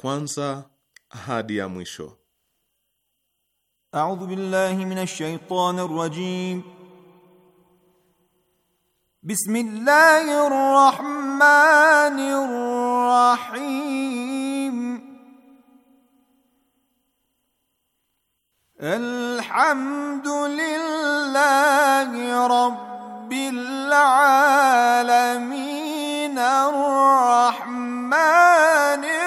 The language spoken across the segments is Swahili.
kwanza hadi ya mwisho. A'udhu billahi minash shaitani rrajim. Bismillahir rahmanir rahim. Alhamdulillahi rabbil alamin arrahmanir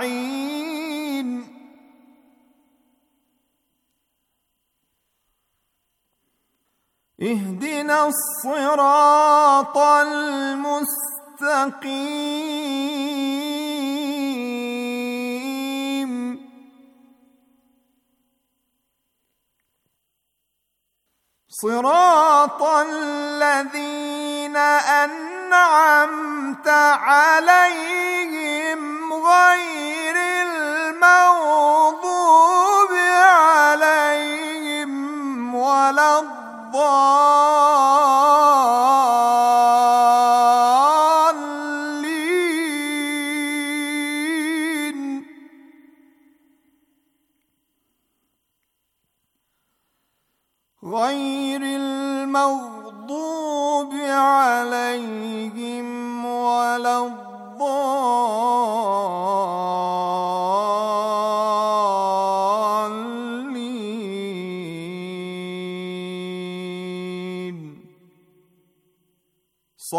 أجمعين اهدنا الصراط المستقيم صراط الذين أنعمت عليهم غير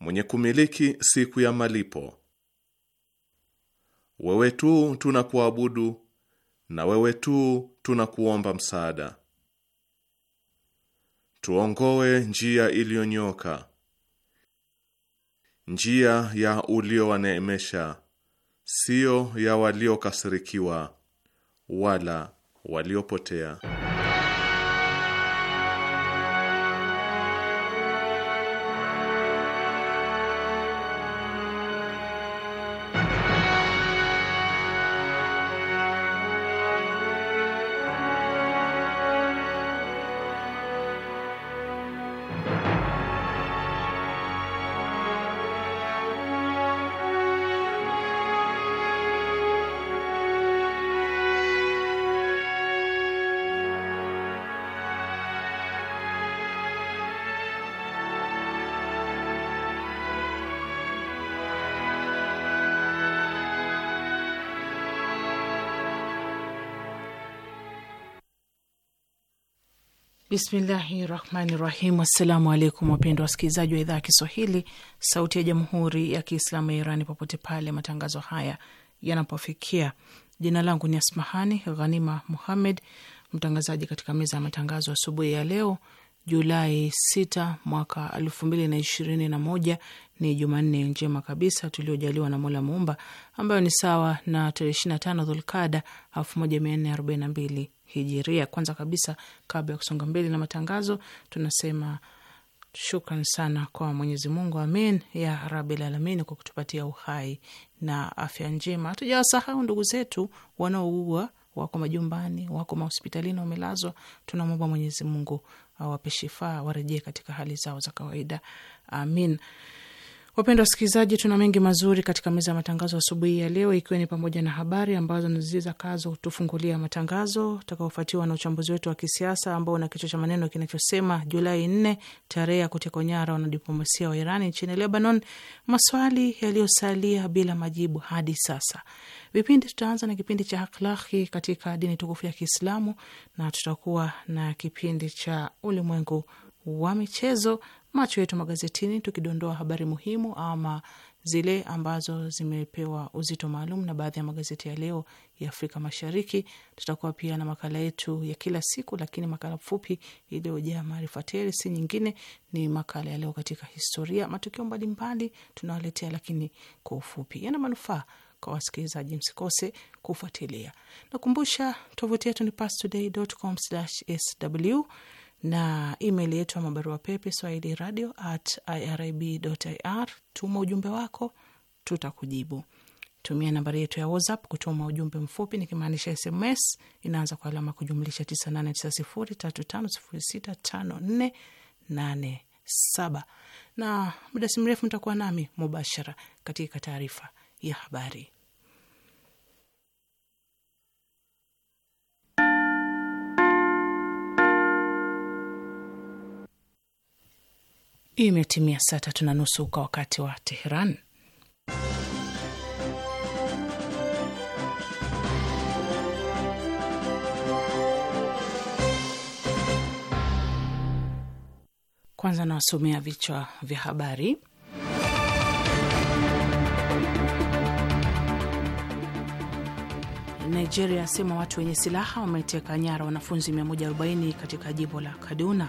mwenye kumiliki siku ya malipo. Wewe tu tunakuabudu na wewe tu tunakuomba msaada. Tuongoe njia iliyonyoka, njia ya uliowaneemesha, sio ya waliokasirikiwa wala waliopotea. Bismillahi rahmani rahim. Assalamu alaikum wapendwa wasikilizaji wa idhaa ya Kiswahili sauti ya jamhuri ya Kiislamu ya Irani popote pale matangazo haya yanapofikia. Jina langu ni Asmahani Ghanima Muhammed, mtangazaji katika meza ya matangazo asubuhi ya leo Julai 6 mwaka elfu ni Jumanne njema kabisa tuliojaliwa na Mola Muumba, ambayo ni sawa na tarehe 25 Dhulkada 1442 Hijiria. Kwanza kabisa, kabla ya kusonga mbele na matangazo, tunasema shukran sana kwa Mwenyezi Mungu, amin ya rabil alamin, kwa kutupatia uhai na afya njema. Hatujawasahau ndugu zetu wanaougua wako majumbani, wako mahospitalini, wamelazwa. Tunamwomba Mwenyezi Mungu awape shifaa, warejee katika hali zao za kawaida. Amin. Wapendwa wasikilizaji, tuna mengi mazuri katika meza ya matangazo asubuhi ya leo, ikiwa ni pamoja na habari ambazo ni kazo tufungulia matangazo, utakaofuatiwa na uchambuzi wetu wa kisiasa ambao una kichwa cha maneno kinachosema Julai nne, tarehe ya kuteka nyara wanadiplomasia wa Irani nchini Lebanon, maswali yaliyosalia bila majibu hadi sasa. Vipindi tutaanza na kipindi cha akhlaki katika dini tukufu ya Kiislamu, na tutakuwa na kipindi cha ulimwengu wa michezo macho yetu magazetini, tukidondoa habari muhimu ama zile ambazo zimepewa uzito maalum na baadhi ya magazeti ya leo ya Afrika Mashariki. Tutakuwa pia na makala yetu ya kila siku, lakini makala fupi iliyojaa maarifa tele, si nyingine ni makala ya leo katika historia. Matukio mbalimbali tunawaletea, lakini kwa ufupi, yana manufaa kwa wasikilizaji, msikose kufuatilia. Nakumbusha tovuti yetu ni pastoday.com/sw na email yetu ya mabarua pepe swahili radio at irib ir. Tuma ujumbe wako, tutakujibu. Tumia nambari yetu ya WhatsApp kutuma ujumbe mfupi nikimaanisha SMS, inaanza kwa alama kujumlisha 989035065487 na muda si mrefu mtakuwa nami mubashara katika taarifa ya habari. Imetimia saa tatu na nusu kwa wakati wa Teheran. Kwanza nawasomea vichwa vya habari. Nigeria asema watu wenye silaha wameteka nyara wanafunzi 140 katika jimbo la Kaduna.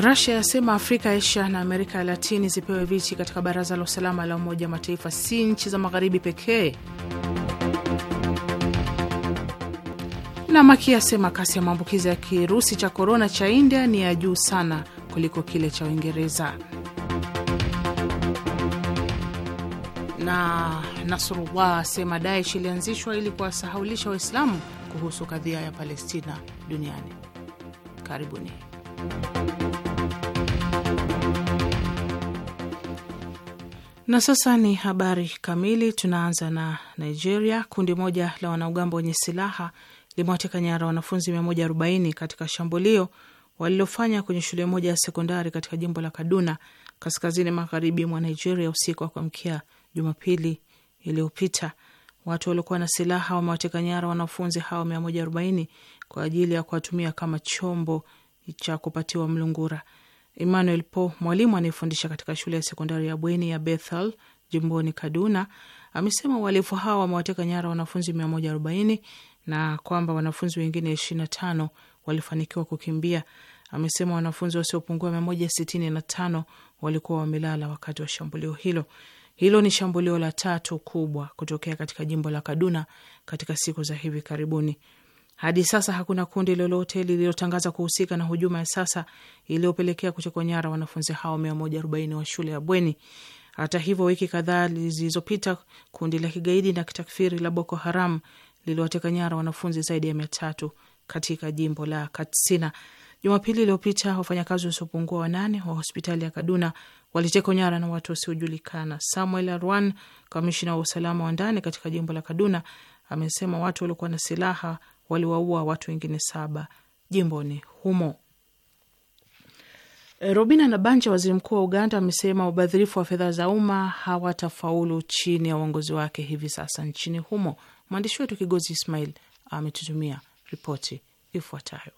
Rasia yasema Afrika, Asia na Amerika ya Latini zipewe viti katika baraza la usalama la Umoja Mataifa, si nchi za magharibi pekee. Na Maki asema kasi ya maambukizi ya kirusi cha korona cha India ni ya juu sana kuliko kile cha Uingereza. Na Nasrullah asema Daesh ilianzishwa ili kuwasahaulisha Waislamu kuhusu kadhia ya Palestina duniani. Karibuni. Na sasa ni habari kamili. Tunaanza na Nigeria. Kundi moja la wanaugamba wenye silaha limewateka nyara wanafunzi 140 katika shambulio walilofanya kwenye shule moja ya sekondari katika jimbo la Kaduna, kaskazini magharibi mwa Nigeria, usiku wa kuamkia Jumapili iliyopita. Watu waliokuwa na silaha wamewateka nyara wanafunzi hao 140 kwa ajili ya kuwatumia kama chombo cha kupatiwa mlungura. Emmanuel Po, mwalimu anayefundisha katika shule ya sekondari ya bweni ya Bethel jimboni Kaduna, amesema uhalifu hao wamewateka nyara wanafunzi 140 na kwamba wanafunzi wengine 25 walifanikiwa kukimbia. Amesema wanafunzi wasiopungua 165 walikuwa wamelala wakati wa shambulio hilo. Hilo ni shambulio la tatu kubwa kutokea katika jimbo la Kaduna katika siku za hivi karibuni. Hadi sasa hakuna kundi lolote lililotangaza kuhusika na hujuma ya sasa iliyopelekea kutekwa nyara wanafunzi hao 140 wa shule ya bweni. Hata hivyo, wiki kadhaa zilizopita kundi la kigaidi na kitakfiri la Boko Haram liliwateka nyara wanafunzi zaidi ya mia tatu katika jimbo la Katsina. Jumapili iliyopita wafanyakazi wasiopungua wanane wa hospitali ya Kaduna walitekwa nyara na watu wasiojulikana. Samuel Arwan, kamishina wa usalama wa ndani katika jimbo la Kaduna, amesema watu waliokuwa na silaha waliwaua watu wengine saba jimboni humo. Robina Nabanja, waziri mkuu wa Uganda, amesema ubadhirifu wa fedha za umma hawatafaulu chini ya uongozi wake hivi sasa nchini humo. Mwandishi wetu Kigozi Ismail ametutumia ripoti ifuatayo.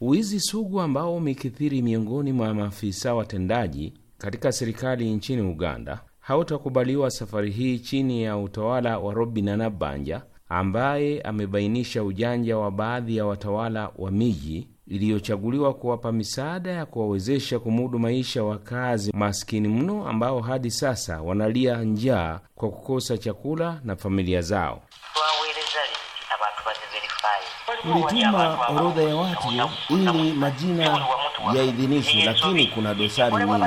Wizi sugu ambao umekithiri miongoni mwa maafisa watendaji katika serikali nchini Uganda hautakubaliwa safari hii chini ya utawala wa Robina Banja ambaye amebainisha ujanja wa baadhi ya watawala wa miji iliyochaguliwa kuwapa misaada ya kuwawezesha kumudu maisha wakazi maskini mno ambao hadi sasa wanalia njaa kwa kukosa chakula na familia zao. Tulituma orodha ya watu ili majina yaidhinishwe, lakini kuna dosari nyingi.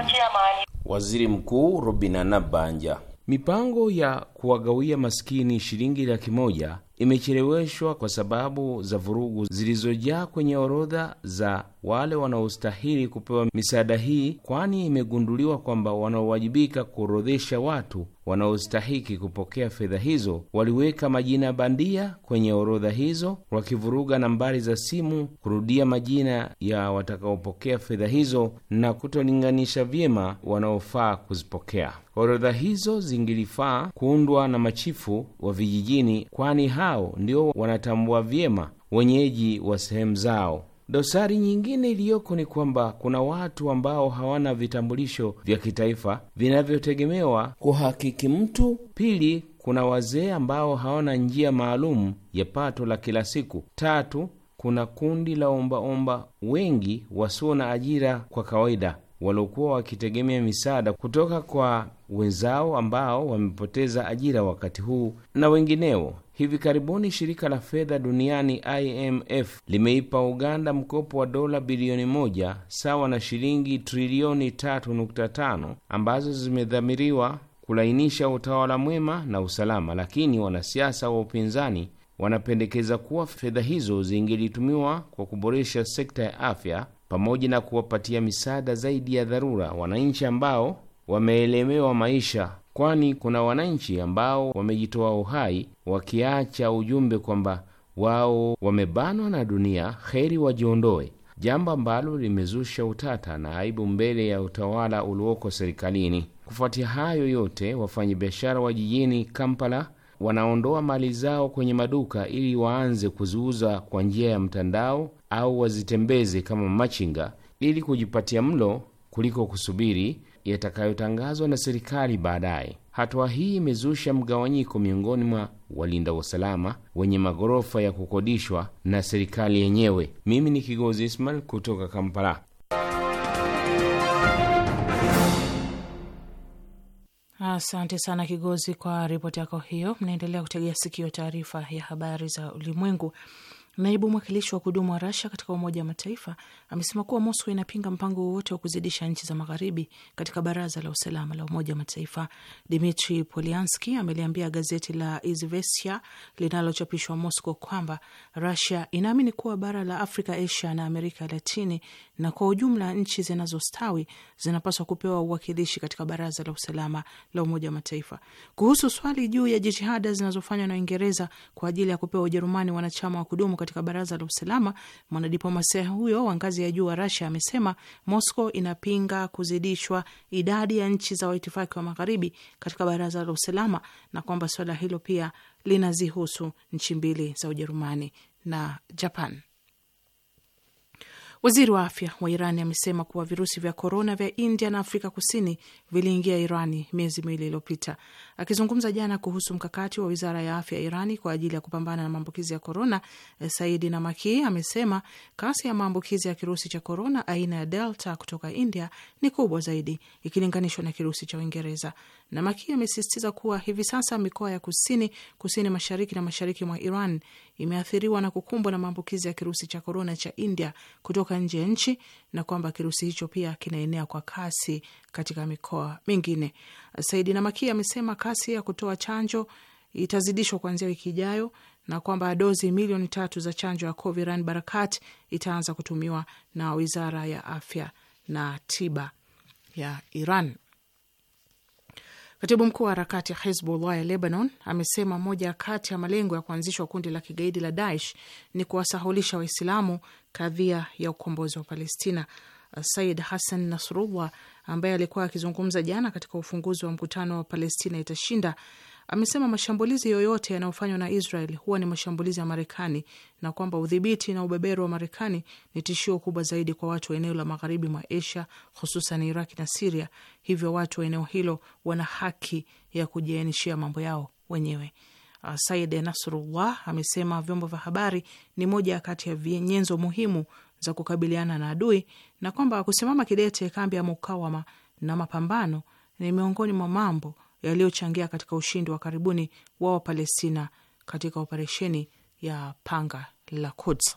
Waziri Mkuu Robinana Banja. Mipango ya kuwagawia maskini shilingi laki moja imecheleweshwa kwa sababu za vurugu zilizojaa kwenye orodha za wale wanaostahili kupewa misaada hii, kwani imegunduliwa kwamba wanaowajibika kuorodhesha watu wanaostahiki kupokea fedha hizo waliweka majina bandia kwenye orodha hizo, wakivuruga nambari za simu, kurudia majina ya watakaopokea fedha hizo na kutolinganisha vyema wanaofaa kuzipokea. Orodha hizo zingilifaa kuundwa na machifu wa vijijini, kwani ha hao ndio wanatambua vyema wenyeji wa sehemu zao. Dosari nyingine iliyoko ni kwamba kuna watu ambao hawana vitambulisho vya kitaifa vinavyotegemewa kuhakiki mtu. Pili, kuna wazee ambao hawana njia maalum ya pato la kila siku. Tatu, kuna kundi la ombaomba wengi wasio na ajira kwa kawaida waliokuwa wakitegemea misaada kutoka kwa wenzao ambao wamepoteza ajira wakati huu na wengineo. Hivi karibuni shirika la fedha duniani IMF limeipa Uganda mkopo wa dola bilioni moja sawa na shilingi trilioni 3.5 ambazo zimedhamiriwa kulainisha utawala mwema na usalama, lakini wanasiasa wa upinzani wanapendekeza kuwa fedha hizo zingelitumiwa kwa kuboresha sekta ya afya pamoja na kuwapatia misaada zaidi ya dharura wananchi ambao wameelemewa maisha kwani kuna wananchi ambao wamejitoa uhai wakiacha ujumbe kwamba wao wamebanwa na dunia, heri wajiondoe, jambo ambalo limezusha utata na aibu mbele ya utawala ulioko serikalini. Kufuatia hayo yote, wafanyabiashara wa jijini Kampala wanaondoa mali zao kwenye maduka ili waanze kuziuza kwa njia ya mtandao au wazitembeze kama machinga ili kujipatia mlo kuliko kusubiri yatakayotangazwa na serikali baadaye. Hatua hii imezusha mgawanyiko miongoni mwa walinda usalama wenye maghorofa ya kukodishwa na serikali yenyewe. Mimi ni Kigozi Ismail kutoka Kampala. Asante sana Kigozi kwa ripoti yako hiyo. Mnaendelea kutegea sikio taarifa ya habari za ulimwengu. Naibu mwakilishi wa kudumu wa Rasha katika Umoja wa Mataifa amesema kuwa Moscow inapinga mpango wowote wa kuzidisha nchi za magharibi katika Baraza la Usalama la Umoja wa Mataifa. Dmitri Polianski ameliambia gazeti la Izvestia linalochapishwa Moscow kwamba Rasia inaamini kuwa bara la Afrika, Asia na Amerika Latini na kwa ujumla nchi zinazostawi zinapaswa kupewa uwakilishi katika Baraza la Usalama la Umoja wa Mataifa. Kuhusu swali juu ya jitihada zinazofanywa na Uingereza kwa ajili ya kupewa Ujerumani wanachama wa kudumu katika baraza la usalama, mwanadiplomasia huyo wa ngazi ya juu wa Rasia amesema mosco inapinga kuzidishwa idadi ya nchi za waitifaki wa magharibi katika baraza la usalama na kwamba suala hilo pia linazihusu nchi mbili za Ujerumani na Japan. Waziri wa afya wa Irani amesema kuwa virusi vya korona vya India na Afrika Kusini viliingia Irani miezi miwili iliyopita. Akizungumza jana kuhusu mkakati wa wizara ya afya ya Irani kwa ajili ya kupambana na maambukizi ya korona, Saidi Namaki amesema kasi ya maambukizi ya kirusi cha korona aina ya Delta kutoka India ni kubwa zaidi ikilinganishwa na kirusi cha Uingereza. Namaki amesisitiza kuwa hivi sasa mikoa ya kusini, kusini mashariki na mashariki mwa Iran imeathiriwa na kukumbwa na maambukizi ya kirusi cha korona cha India kutoka nje ya nchi na kwamba kirusi hicho pia kinaenea kwa kasi katika mikoa mingine. Saidi Namaki amesema kasi ya kutoa chanjo itazidishwa kuanzia wiki ijayo na kwamba dozi milioni tatu za chanjo ya Coviran Barakat itaanza kutumiwa na wizara ya afya na tiba ya Iran. Katibu mkuu wa harakati ya Hizbullah ya Lebanon amesema moja kati ya malengo ya kuanzishwa kundi la kigaidi la Daesh ni kuwasahulisha Waislamu kadhia ya ukombozi wa Palestina. Said Hassan Nasrullah ambaye alikuwa akizungumza jana katika ufunguzi wa mkutano wa Palestina itashinda amesema mashambulizi yoyote yanayofanywa na Israel huwa ni mashambulizi ya Marekani na kwamba udhibiti na ubeberu wa Marekani ni tishio kubwa zaidi kwa watu wa eneo la magharibi mwa Asia, hususan Iraki na Siria. Hivyo watu wa eneo hilo wana haki ya kujiainishia mambo yao wenyewe. Uh, Said Nasrullah amesema vyombo vya habari ni moja kati ya nyenzo muhimu za kukabiliana na adui na kwamba kusimama kidete kambi ya mukawama na mapambano ni miongoni mwa mambo yaliyochangia katika ushindi wa karibuni wa Wapalestina katika operesheni ya panga la Quds.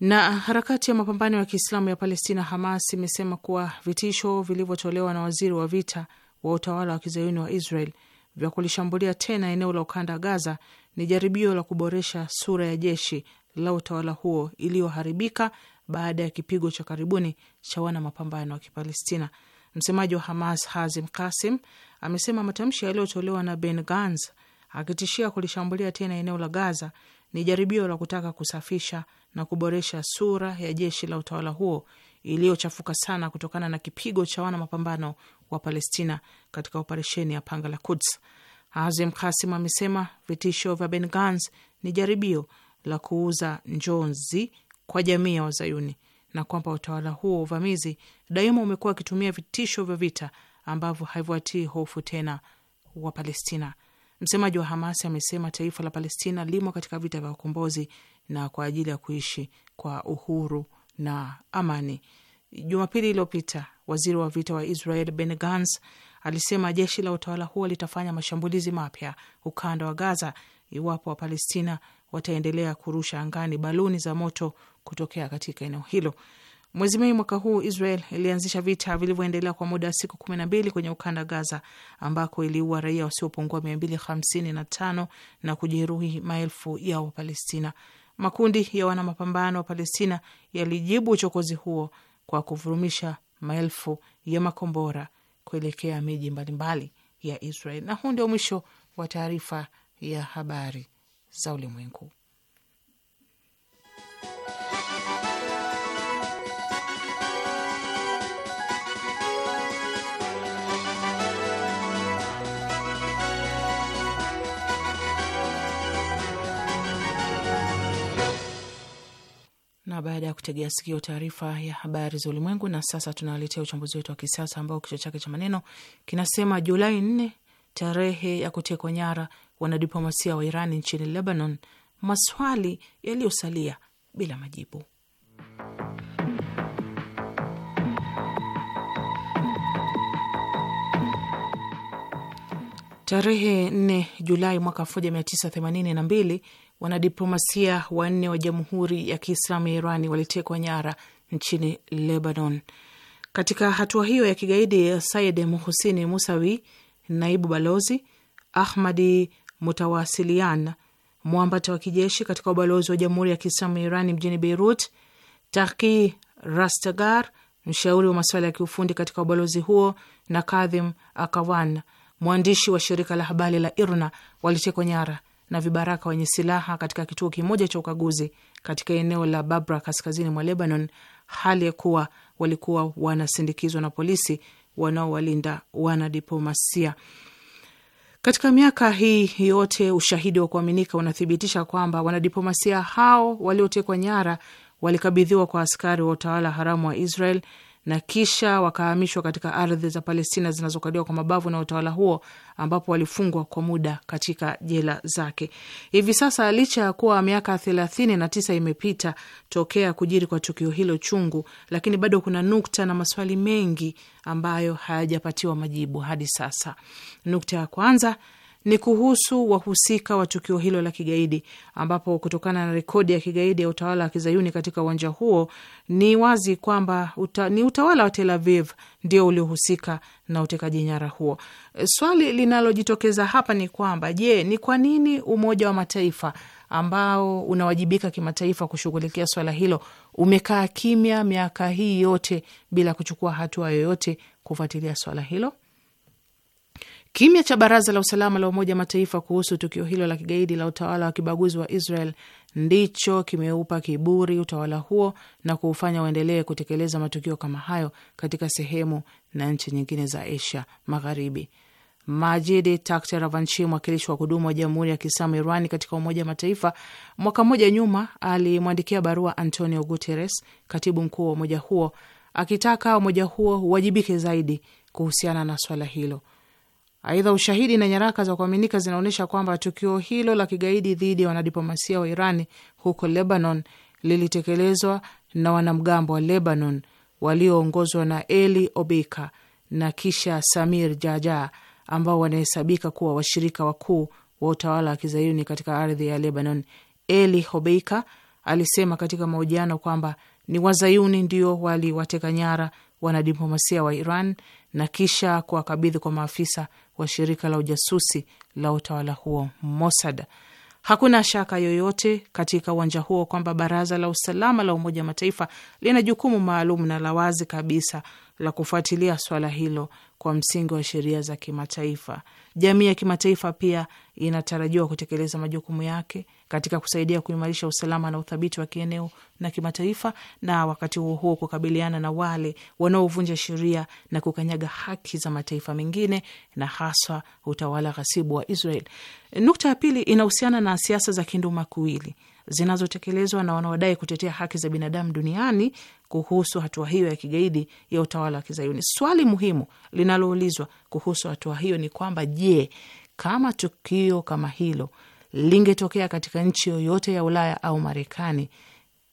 Na harakati ya mapambano ya Kiislamu ya Palestina, Hamas, imesema kuwa vitisho vilivyotolewa na waziri wa vita wa utawala wa kizayuni wa Israel vya kulishambulia tena eneo la ukanda Gaza ni jaribio la kuboresha sura ya jeshi la utawala huo iliyoharibika baada ya kipigo cha karibuni cha wana mapambano wa Kipalestina. Msemaji wa Hamas Hazim Kasim amesema matamshi yaliyotolewa na Ben Gans akitishia kulishambulia tena eneo la Gaza ni jaribio la kutaka kusafisha na kuboresha sura ya jeshi la utawala huo iliyochafuka sana kutokana na kipigo cha wana mapambano wa Palestina katika operesheni ya panga la Kuds. Hazim Kasim amesema vitisho vya Ben Gans ni jaribio la kuuza njozi kwa jamii ya Wazayuni na kwamba utawala huo wa uvamizi daima umekuwa akitumia vitisho vya vita ambavyo haivuatii hofu tena wa Palestina. Msemaji wa Hamas amesema taifa la Palestina limo katika vita vya ukombozi na kwa ajili ya kuishi kwa uhuru na amani. Jumapili iliyopita waziri wa vita wa Israel Ben Gans alisema jeshi la utawala huo litafanya mashambulizi mapya ukanda wa Gaza iwapo Wapalestina wataendelea kurusha angani baluni za moto kutokea katika eneo hilo. Mwezi Mei mwaka huu Israel ilianzisha vita vilivyoendelea kwa muda wa siku kumi na mbili kwenye ukanda Gaza, ambako iliua raia wasiopungua mia mbili hamsini na tano na kujeruhi maelfu ya Wapalestina. Makundi ya wanamapambano wa Palestina yalijibu uchokozi huo kwa kuvurumisha maelfu ya makombora kuelekea miji mbalimbali ya Israel. Na huu ndio mwisho wa taarifa ya habari za ulimwengu. Na baada ya kutegea sikio taarifa ya habari za ulimwengu, na sasa tunawaletea uchambuzi wetu wa kisiasa ambao kichwa chake cha maneno kinasema Julai nne, tarehe ya kutekwa nyara wanadiplomasia wa Iran nchini Lebanon maswali yaliyosalia bila majibu. Tarehe 4 Julai mwaka 1982 wanadiplomasia wanne wa Jamhuri ya Kiislamu ya Irani walitekwa nyara nchini Lebanon. Katika hatua hiyo ya kigaidi, Sayid Muhusini Musawi, naibu balozi Ahmadi mutawasiliana mwambata wa kijeshi katika ubalozi wa Jamhuri ya Kiislamu ya Irani mjini Beirut. Taki Rastagar, mshauri wa masuala ya kiufundi katika ubalozi huo, na Kadhim Akawan, mwandishi wa shirika la habari la IRNA, walitekwa nyara na vibaraka wenye silaha katika kituo kimoja cha ukaguzi katika eneo la Babra, kaskazini mwa Lebanon, hali ya kuwa walikuwa wanasindikizwa na polisi wanaowalinda wanadiplomasia. Katika miaka hii yote ushahidi wa kuaminika unathibitisha kwamba wanadiplomasia hao waliotekwa nyara walikabidhiwa kwa askari wa utawala haramu wa Israel na kisha wakahamishwa katika ardhi za Palestina zinazokaliwa kwa mabavu na utawala huo, ambapo walifungwa kwa muda katika jela zake. Hivi sasa, licha ya kuwa miaka thelathini na tisa imepita tokea kujiri kwa tukio hilo chungu, lakini bado kuna nukta na maswali mengi ambayo hayajapatiwa majibu hadi sasa. Nukta ya kwanza ni kuhusu wahusika wa tukio hilo la kigaidi, ambapo kutokana na rekodi ya kigaidi ya utawala wa kizayuni katika uwanja huo ni wazi kwamba uta, ni utawala wa Tel Aviv ndio uliohusika na utekaji nyara huo. Swali linalojitokeza hapa ni kwamba je, ni kwa nini Umoja wa Mataifa ambao unawajibika kimataifa kushughulikia swala hilo umekaa kimya miaka hii yote bila kuchukua hatua yoyote kufuatilia swala hilo? Kimya cha Baraza la Usalama la Umoja Mataifa kuhusu tukio hilo la kigaidi la utawala wa kibaguzi wa Israel ndicho kimeupa kiburi utawala huo na kuufanya uendelee kutekeleza matukio kama hayo katika sehemu na nchi nyingine za Asia Magharibi. Majidi Takht Ravanchi, mwakilishi wa kudumu wa Jamhuri ya Kiislamu Irani katika Umoja wa Mataifa, mwaka mmoja nyuma alimwandikia barua Antonio Guterres, katibu mkuu wa umoja huo, akitaka umoja huo uwajibike zaidi kuhusiana na swala hilo. Aidha, ushahidi na nyaraka za kuaminika zinaonyesha kwamba tukio hilo la kigaidi dhidi ya wanadiplomasia wa Irani huko Lebanon lilitekelezwa na wanamgambo wa Lebanon walioongozwa na Eli Obika na kisha Samir Jaja ambao wanahesabika kuwa washirika wakuu wa utawala wa kizayuni katika ardhi ya Lebanon. Eli Hobeika alisema katika mahojiano kwamba ni wazayuni ndio waliwateka nyara wanadiplomasia wa Iran na kisha kuwakabidhi kwa maafisa wa shirika la ujasusi la utawala huo Mossad. Hakuna shaka yoyote katika uwanja huo kwamba Baraza la Usalama la Umoja wa Mataifa lina jukumu maalum na la wazi kabisa la kufuatilia swala hilo kwa msingi wa sheria za kimataifa. Jamii ya kimataifa pia inatarajiwa kutekeleza majukumu yake katika kusaidia kuimarisha usalama na uthabiti wa kieneo na kimataifa, na wakati huo huo kukabiliana na wale wanaovunja sheria na kukanyaga haki za mataifa mengine na haswa utawala ghasibu wa Israel. Nukta ya pili inahusiana na siasa za kinduma kuwili zinazotekelezwa na wanaodai kutetea haki za binadamu duniani kuhusu hatua hiyo ya kigaidi ya utawala wa Kizayuni. Swali muhimu linaloulizwa kuhusu hatua hiyo ni kwamba je, kama tukio kama hilo lingetokea katika nchi yoyote ya Ulaya au Marekani,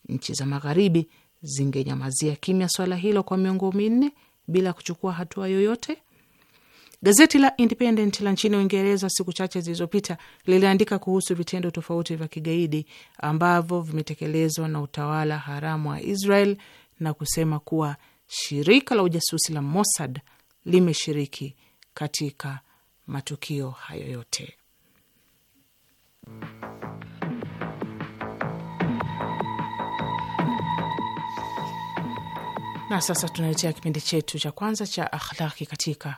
nchi za Magharibi zingenyamazia kimya swala hilo kwa miongo minne bila kuchukua hatua yoyote? Gazeti la Independent la nchini Uingereza siku chache zilizopita liliandika kuhusu vitendo tofauti vya kigaidi ambavyo vimetekelezwa na utawala haramu wa Israel na kusema kuwa shirika la ujasusi la Mossad limeshiriki katika matukio hayo yote. Na sasa tunaletea kipindi chetu cha kwanza cha akhlaki katika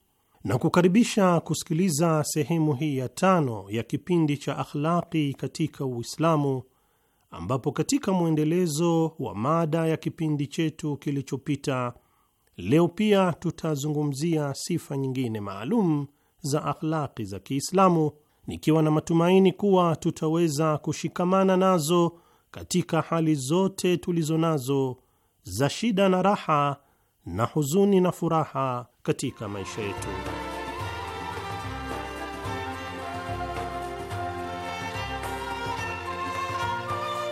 na kukaribisha kusikiliza sehemu hii ya tano ya kipindi cha Akhlaqi katika Uislamu, ambapo katika mwendelezo wa mada ya kipindi chetu kilichopita, leo pia tutazungumzia sifa nyingine maalum za akhlaqi za Kiislamu, nikiwa na matumaini kuwa tutaweza kushikamana nazo katika hali zote tulizo nazo za shida na raha na huzuni na furaha katika maisha yetu.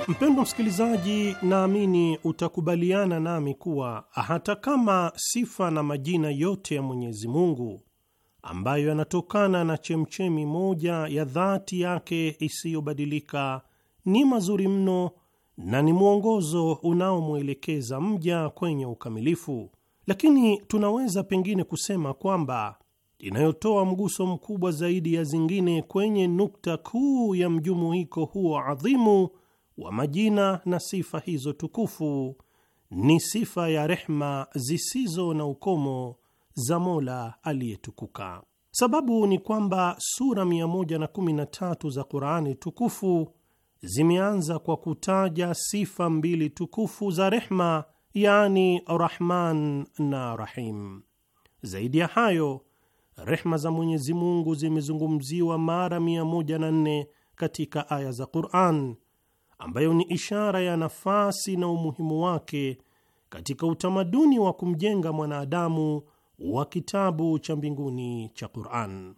Mpendwa msikilizaji, naamini utakubaliana nami kuwa hata kama sifa na majina yote ya Mwenyezi Mungu ambayo yanatokana na chemchemi moja ya dhati yake isiyobadilika ni mazuri mno na ni mwongozo unaomwelekeza mja kwenye ukamilifu lakini tunaweza pengine kusema kwamba inayotoa mguso mkubwa zaidi ya zingine kwenye nukta kuu ya mjumuiko huo adhimu wa majina na sifa hizo tukufu ni sifa ya rehma zisizo na ukomo za Mola aliyetukuka. Sababu ni kwamba sura 113 za Qur'ani tukufu zimeanza kwa kutaja sifa mbili tukufu za rehma yani Rahman na Rahim. Zaidi ya hayo, rehma za Mwenyezi Mungu zimezungumziwa mara 104 katika aya za Qur'an, ambayo ni ishara ya nafasi na umuhimu wake katika utamaduni wa kumjenga mwanadamu wa kitabu cha mbinguni cha Qur'an.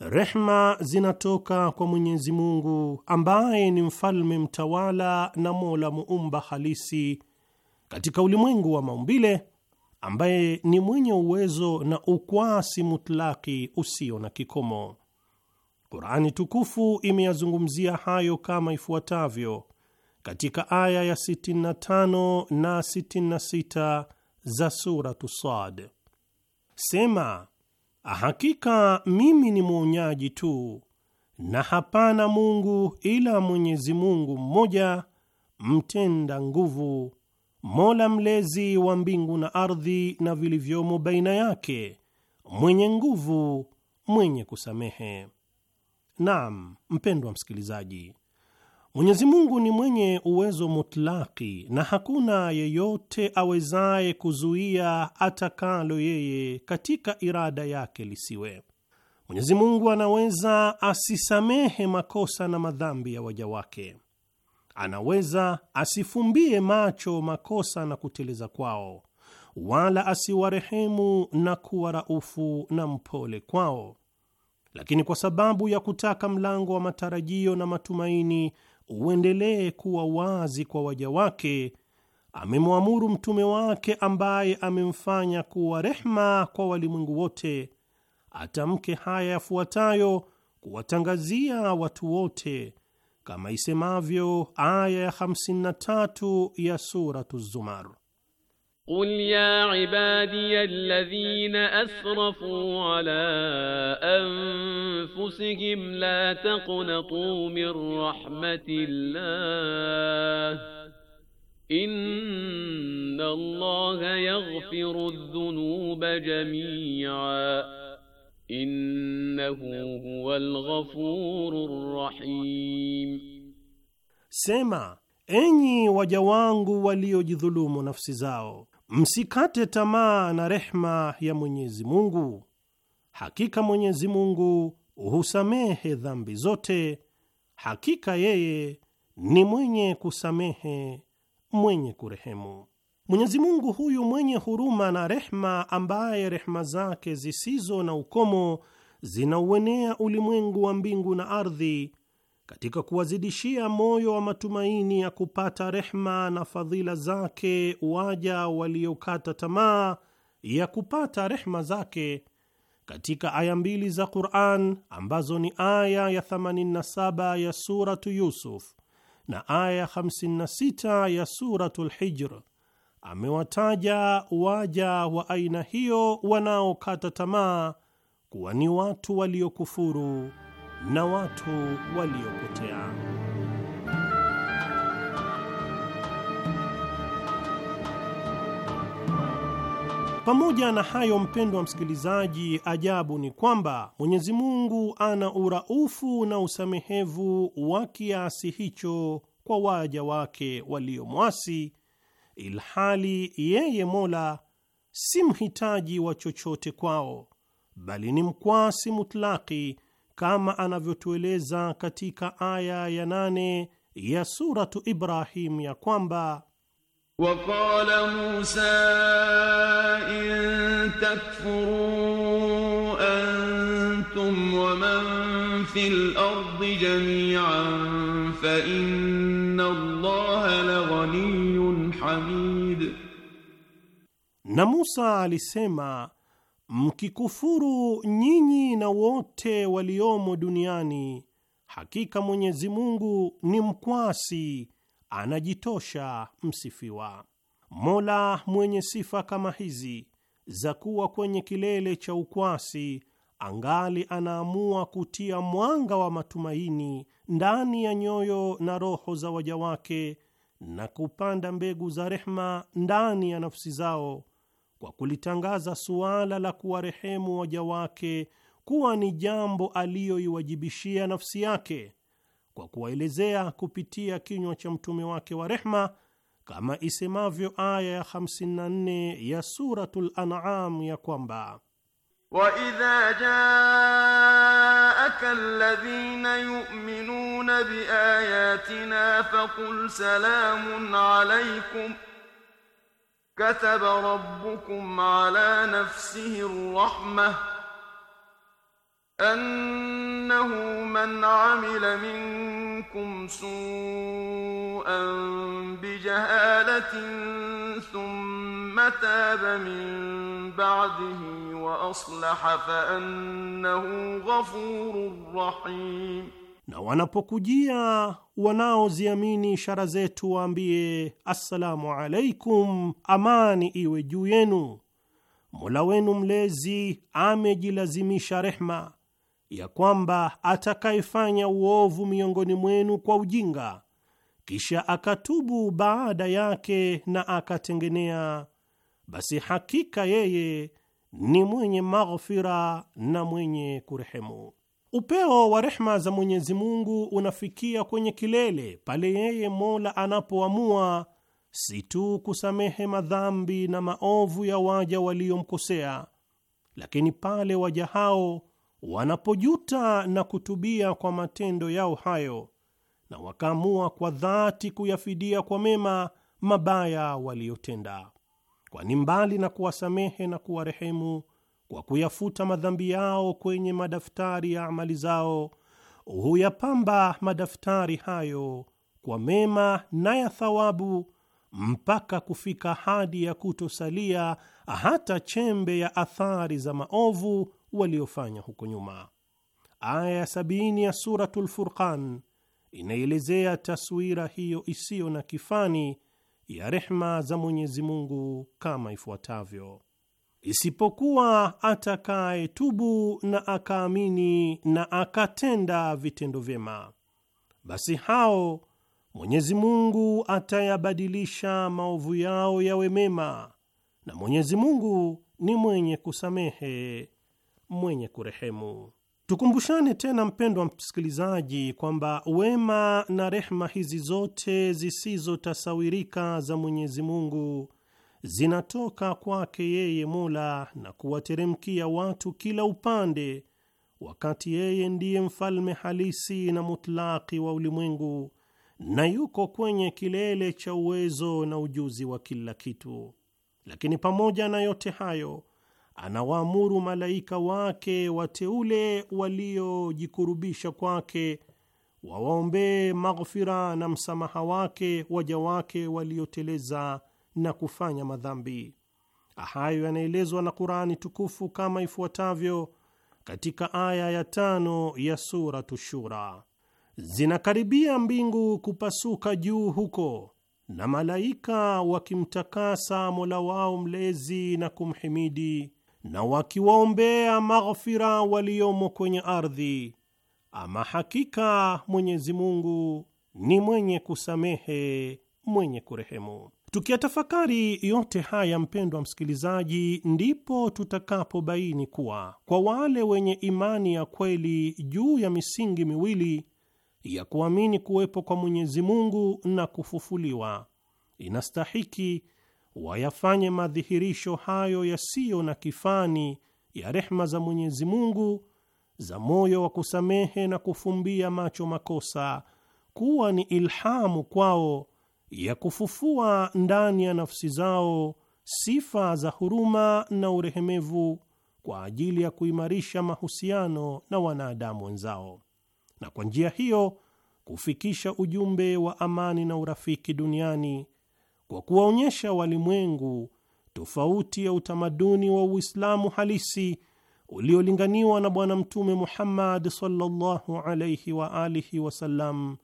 Rehma zinatoka kwa Mwenyezi Mungu ambaye ni mfalme mtawala na Mola muumba halisi katika ulimwengu wa maumbile ambaye ni mwenye uwezo na ukwasi mutlaki usio na kikomo. Qurani tukufu imeyazungumzia hayo kama ifuatavyo katika aya ya 65 na 66 za Suratu Sad: Sema, hakika mimi ni mwonyaji tu na hapana Mungu ila Mwenyezi Mungu mmoja mtenda nguvu Mola mlezi wa mbingu na ardhi na vilivyomo baina yake, mwenye nguvu, mwenye kusamehe. Naam, mpendwa msikilizaji, Mwenyezi Mungu ni mwenye uwezo mutlaki na hakuna yeyote awezaye kuzuia atakalo yeye katika irada yake lisiwe. Mwenyezi Mungu anaweza asisamehe makosa na madhambi ya waja wake anaweza asifumbie macho makosa na kuteleza kwao, wala asiwarehemu na kuwa raufu na mpole kwao, lakini kwa sababu ya kutaka mlango wa matarajio na matumaini uendelee kuwa wazi kwa waja wake, amemwamuru mtume wake ambaye amemfanya kuwa rehma kwa walimwengu wote, atamke haya yafuatayo kuwatangazia watu wote kama isemavyo aya ya 53 ya Suratu Zumar, Qul ya ibadiya alladhina asrafu ala anfusihim la taqnatu min rahmatillah Inna Allaha yaghfiru dhunuba jami'a Innahu huwal ghafurur rahim, sema enyi waja wangu waliojidhulumu nafsi zao, msikate tamaa na rehma ya Mwenyezi Mungu. Hakika Mwenyezi Mungu husamehe dhambi zote, hakika yeye ni mwenye kusamehe mwenye kurehemu. Mwenyezi Mungu huyu mwenye huruma na rehma, ambaye rehma zake zisizo na ukomo zinauenea ulimwengu wa mbingu na ardhi, katika kuwazidishia moyo wa matumaini ya kupata rehma na fadhila zake waja waliokata tamaa ya kupata rehma zake katika aya mbili za Qur'an ambazo ni aya ya 87 ya suratu Yusuf na aya 56 ya suratu lhijr amewataja waja wa aina hiyo wanaokata tamaa kuwa ni watu waliokufuru na watu waliopotea. Pamoja na hayo, mpendwa msikilizaji, ajabu ni kwamba Mwenyezi Mungu ana uraufu na usamehevu wa kiasi hicho kwa waja wake waliomwasi ilhali yeye Mola si mhitaji wa chochote kwao, bali ni mkwasi mutlaki, kama anavyotueleza katika aya ya nane ya Suratu Ibrahim ya kwamba Waqala Musa in takfuru antum wa man fil ardi jami'an fa inna Allaha la Na Musa alisema, mkikufuru nyinyi na wote waliomo duniani, hakika Mwenyezi Mungu ni mkwasi, anajitosha msifiwa. Mola mwenye sifa kama hizi za kuwa kwenye kilele cha ukwasi angali anaamua kutia mwanga wa matumaini ndani ya nyoyo na roho za waja wake na kupanda mbegu za rehma ndani ya nafsi zao kwa kulitangaza suala la kuwarehemu waja wake kuwa ni jambo aliyoiwajibishia nafsi yake kwa kuwaelezea kupitia kinywa cha mtume wake wa rehma kama isemavyo aya ya 54 ya Suratul An'am ya kwamba وإذا جاءك الذين يؤمنون بآياتنا فقل salamun عليكم كتب ربكم على نفسه الرحمة أنه من عمل منكم سوءا بجهالة ثم تاب من بعده وأصلح فأنه غفور رحيم na wanapokujia wanaoziamini ishara zetu waambie, assalamu alaikum, amani iwe juu yenu. Mola wenu mlezi amejilazimisha rehma ya kwamba atakayefanya uovu miongoni mwenu kwa ujinga kisha akatubu baada yake na akatengenea, basi hakika yeye ni mwenye maghfira na mwenye kurehemu. Upeo wa rehma za Mwenyezi Mungu unafikia kwenye kilele pale yeye Mola anapoamua si tu kusamehe madhambi na maovu ya waja waliomkosea, lakini pale waja hao wanapojuta na kutubia kwa matendo yao hayo, na wakaamua kwa dhati kuyafidia kwa mema mabaya waliyotenda, kwani mbali na kuwasamehe na kuwarehemu kwa kuyafuta madhambi yao kwenye madaftari ya amali zao, huyapamba madaftari hayo kwa mema na ya thawabu mpaka kufika hadi ya kutosalia hata chembe ya athari za maovu waliofanya huko nyuma. Aya ya sabini ya Suratul Furqan inaelezea taswira hiyo isiyo na kifani ya rehma za Mwenyezi Mungu kama ifuatavyo: isipokuwa tubu na akaamini na akatenda vitendo vyema, basi hao Mwenyezi Mungu atayabadilisha maovu yao yawe mema, na Mwenyezi Mungu ni mwenye kusamehe, mwenye kurehemu. Tukumbushane tena mpendwa msikilizaji, kwamba wema na rehma hizi zote zisizotasawirika za Mwenyezi Mungu zinatoka kwake yeye Mola na kuwateremkia watu kila upande, wakati yeye ndiye mfalme halisi na mutlaki wa ulimwengu na yuko kwenye kilele cha uwezo na ujuzi wa kila kitu. Lakini pamoja na yote hayo, anawaamuru malaika wake wateule waliojikurubisha kwake wawaombee maghfira na msamaha wake waja wake walioteleza na kufanya madhambi. Hayo yanaelezwa na Qurani tukufu kama ifuatavyo katika aya ya tano ya Suratu Shura: zinakaribia mbingu kupasuka juu huko na malaika wakimtakasa Mola wao mlezi na kumhimidi na wakiwaombea maghfira waliomo kwenye ardhi. Ama hakika Mwenyezi Mungu ni mwenye kusamehe mwenye kurehemu. Tukiyatafakari yote haya, mpendwa msikilizaji, ndipo tutakapobaini kuwa kwa wale wenye imani ya kweli juu ya misingi miwili ya kuamini kuwepo kwa Mwenyezi Mungu na kufufuliwa, inastahiki wayafanye madhihirisho hayo yasiyo na kifani ya rehma za Mwenyezi Mungu za moyo wa kusamehe na kufumbia macho makosa kuwa ni ilhamu kwao ya kufufua ndani ya nafsi zao sifa za huruma na urehemevu kwa ajili ya kuimarisha mahusiano na wanadamu wenzao, na kwa njia hiyo kufikisha ujumbe wa amani na urafiki duniani kwa kuwaonyesha walimwengu tofauti ya utamaduni wa Uislamu halisi uliolinganiwa na Bwana Mtume Muhammad sallallahu alaihi wa alihi wasallam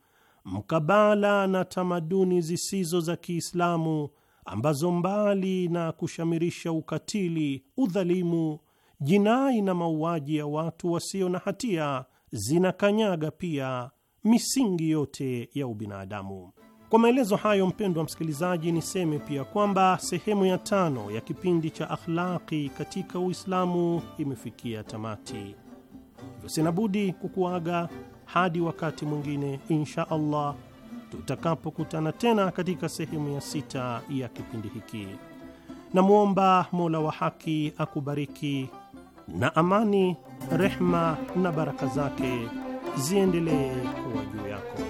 mkabala na tamaduni zisizo za Kiislamu ambazo mbali na kushamirisha ukatili, udhalimu, jinai na mauaji ya watu wasio na hatia zinakanyaga pia misingi yote ya ubinadamu. Kwa maelezo hayo, mpendwa msikilizaji, niseme pia kwamba sehemu ya tano ya kipindi cha Akhlaqi katika Uislamu imefikia tamati, hivyo sina budi kukuaga hadi wakati mwingine insha Allah tutakapokutana tena katika sehemu ya sita ya kipindi hiki. Namwomba Mola wa haki akubariki na amani, rehma na baraka zake ziendelee kuwa juu yako.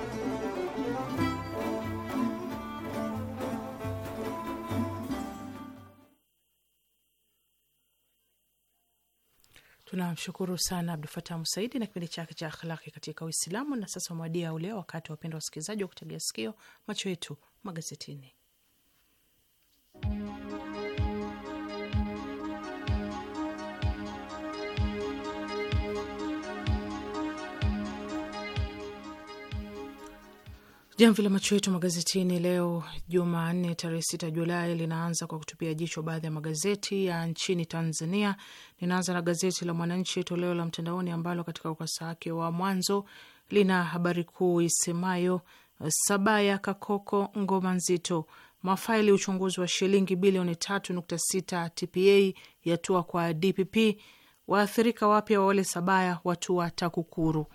Tunamshukuru sana abdu Fatah musaidi na kipindi chake cha akhlaki katika Uislamu. Na sasa mwadia ule wakati wa wapendwa wasikilizaji wa kutegea sikio, macho yetu magazetini. Jamvi la macho yetu magazetini leo Jumanne tarehe sita Julai linaanza kwa kutupia jicho baadhi ya magazeti ya nchini Tanzania. Linaanza na gazeti la Mwananchi toleo la mtandaoni ambalo katika ukurasa wake wa mwanzo lina habari kuu isemayo Sabaya Kakoko ngoma nzito, mafaili uchunguzi wa shilingi bilioni tatu nukta sita TPA yatua kwa DPP, waathirika wapya wa wale Sabaya watua TAKUKURU.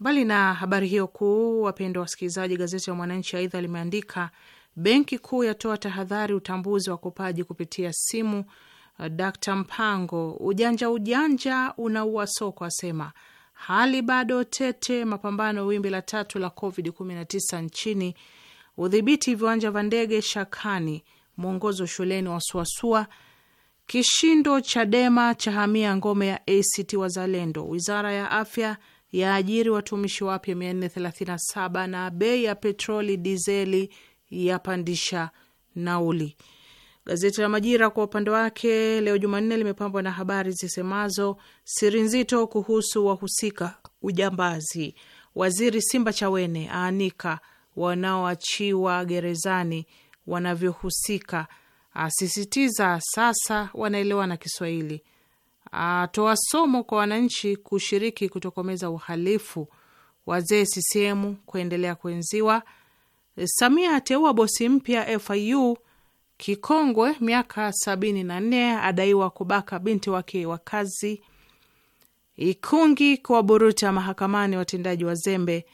Mbali na habari hiyo kuu, wapendwa wasikilizaji, gazeti la Mwananchi aidha limeandika benki kuu yatoa tahadhari utambuzi wa kopaji kupitia simu. Dkt Mpango, ujanja ujanja unaua soko, asema hali bado tete. Mapambano wimbi la tatu la Covid 19 nchini. Udhibiti viwanja vya ndege shakani. Mwongozo shuleni wasuasua. Kishindo Chadema cha hamia ngome ya ACT Wazalendo. Wizara ya afya ya ajiri watumishi wapya 437 na bei ya petroli dizeli yapandisha nauli. Gazeti la Majira kwa upande wake leo Jumanne limepambwa na habari zisemazo siri nzito kuhusu wahusika ujambazi, waziri Simba Chawene aanika wanaoachiwa gerezani wanavyohusika, asisitiza sasa wanaelewa na Kiswahili atoa somo kwa wananchi kushiriki kutokomeza uhalifu, wazee CCM kuendelea kuenziwa, Samia ateua bosi mpya FIU, kikongwe miaka sabini na nne adaiwa kubaka binti wake wa kazi, Ikungi kuwaburuta mahakamani watendaji wa zembe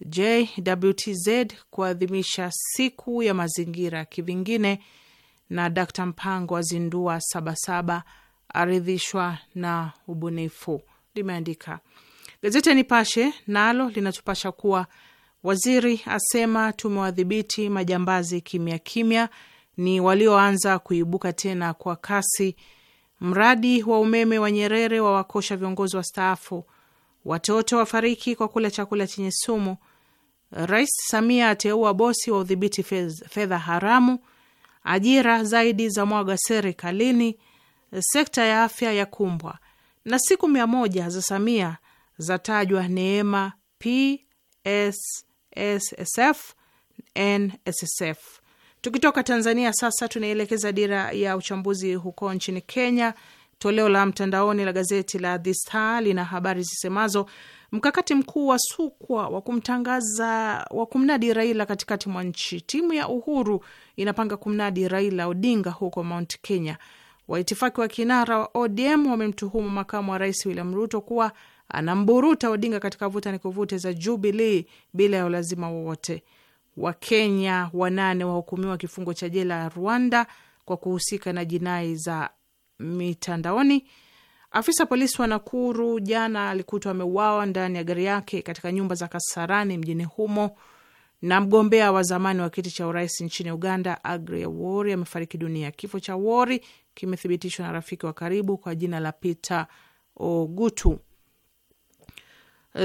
JWTZ kuadhimisha siku ya mazingira kivingine, na Dkt Mpango azindua Sabasaba aridhishwa na ubunifu, limeandika gazeti ya Nipashe. Nalo linatupasha kuwa waziri asema tumewadhibiti majambazi kimya kimya, ni walioanza kuibuka tena kwa kasi. Mradi wa umeme wa Nyerere wawakosha viongozi wastaafu. Watoto wafariki kwa kula chakula chenye sumu. Rais Samia ateua bosi wa udhibiti fedha haramu. Ajira zaidi za mwaga serikalini sekta ya afya ya kumbwa na siku mia moja za Samia zatajwa neema PSSSF NSSF. Tukitoka Tanzania sasa, tunaelekeza dira ya uchambuzi huko nchini Kenya. Toleo la mtandaoni la gazeti la The Star lina habari zisemazo mkakati mkuu wa Sukwa wa kumtangaza wa kumnadi Raila katikati mwa nchi. Timu ya Uhuru inapanga kumnadi Raila Odinga huko Mount Kenya. Waitifaki wa kinara wa ODM wamemtuhumu makamu wa rais William Ruto kuwa anamburuta Odinga katika vuta ni kuvute za Jubilii bila ya ulazima wowote. Wakenya wanane wahukumiwa kifungo cha jela ya Rwanda kwa kuhusika na jinai za mitandaoni. Afisa polisi wa Nakuru jana alikutwa ameuawa ndani ya gari yake katika nyumba za Kasarani mjini humo. Na mgombea wa zamani wa kiti cha urais nchini Uganda, Aggrey Wori amefariki dunia. Kifo cha Wori kimethibitishwa na rafiki wa karibu kwa jina la Peter Ogutu.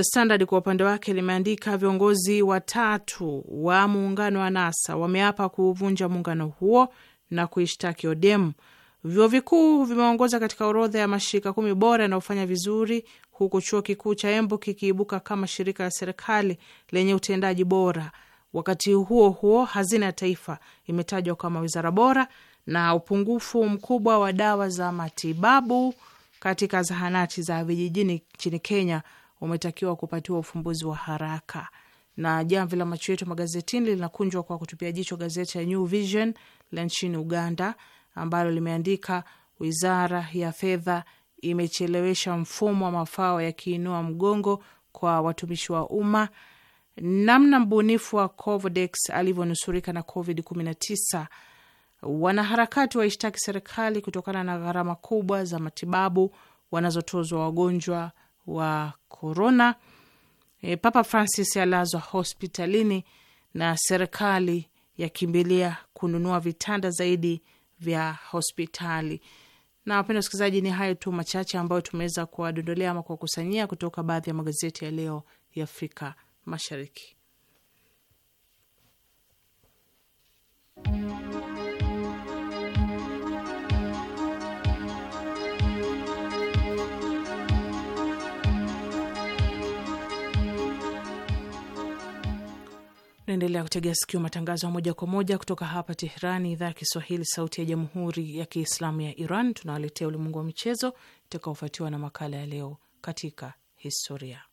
Standard kwa upande wake limeandika viongozi watatu wa muungano wa NASA wameapa kuvunja muungano huo na kuishtaki ODM. Vyuo vikuu vimeongoza katika orodha ya mashirika kumi bora yanayofanya vizuri, huku chuo kikuu cha Embu kikiibuka kama shirika la serikali lenye utendaji bora Wakati huo huo, hazina ya taifa imetajwa kama wizara bora, na upungufu mkubwa wa dawa za matibabu katika zahanati za vijijini nchini Kenya umetakiwa kupatiwa ufumbuzi wa haraka. Na jamvi la macho yetu magazetini linakunjwa kwa kutupia jicho gazeti ya New Vision la nchini Uganda ambalo limeandika wizara ya fedha imechelewesha mfumo wa mafao ya kiinua mgongo kwa watumishi wa umma namna mbunifu wa Covodex alivyonusurika na COVID-19. Wanaharakati waishtaki serikali kutokana na gharama kubwa za matibabu wanazotozwa wagonjwa wa korona. E, Papa Francis alazwa hospitalini na serikali yakimbilia kununua vitanda zaidi vya hospitali. Na wapenda wasikilizaji, ni hayo tu machache ambayo tumeweza kuwadondolea ama kuwakusanyia kutoka baadhi ya magazeti ya leo ya Afrika Mashariki. Naendelea kutegea sikio matangazo ya moja kwa moja kutoka hapa Teherani, idhaa ya Kiswahili, sauti ya jamhuri ya kiislamu ya Iran. Tunawaletea ulimwengu wa michezo itakaofuatiwa na makala ya leo katika historia.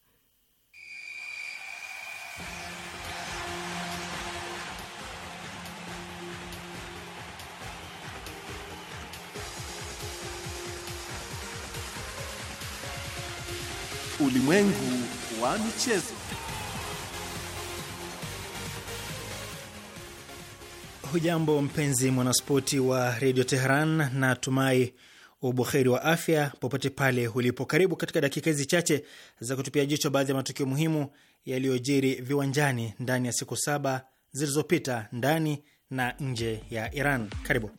Ulimwengu wa michezo. Hujambo mpenzi mwanaspoti wa redio Teheran, na tumai ubuheri wa afya popote pale ulipo. Karibu katika dakika hizi chache za kutupia jicho baadhi ya matukio muhimu yaliyojiri viwanjani ndani ya siku saba zilizopita ndani na nje ya Iran. Karibu.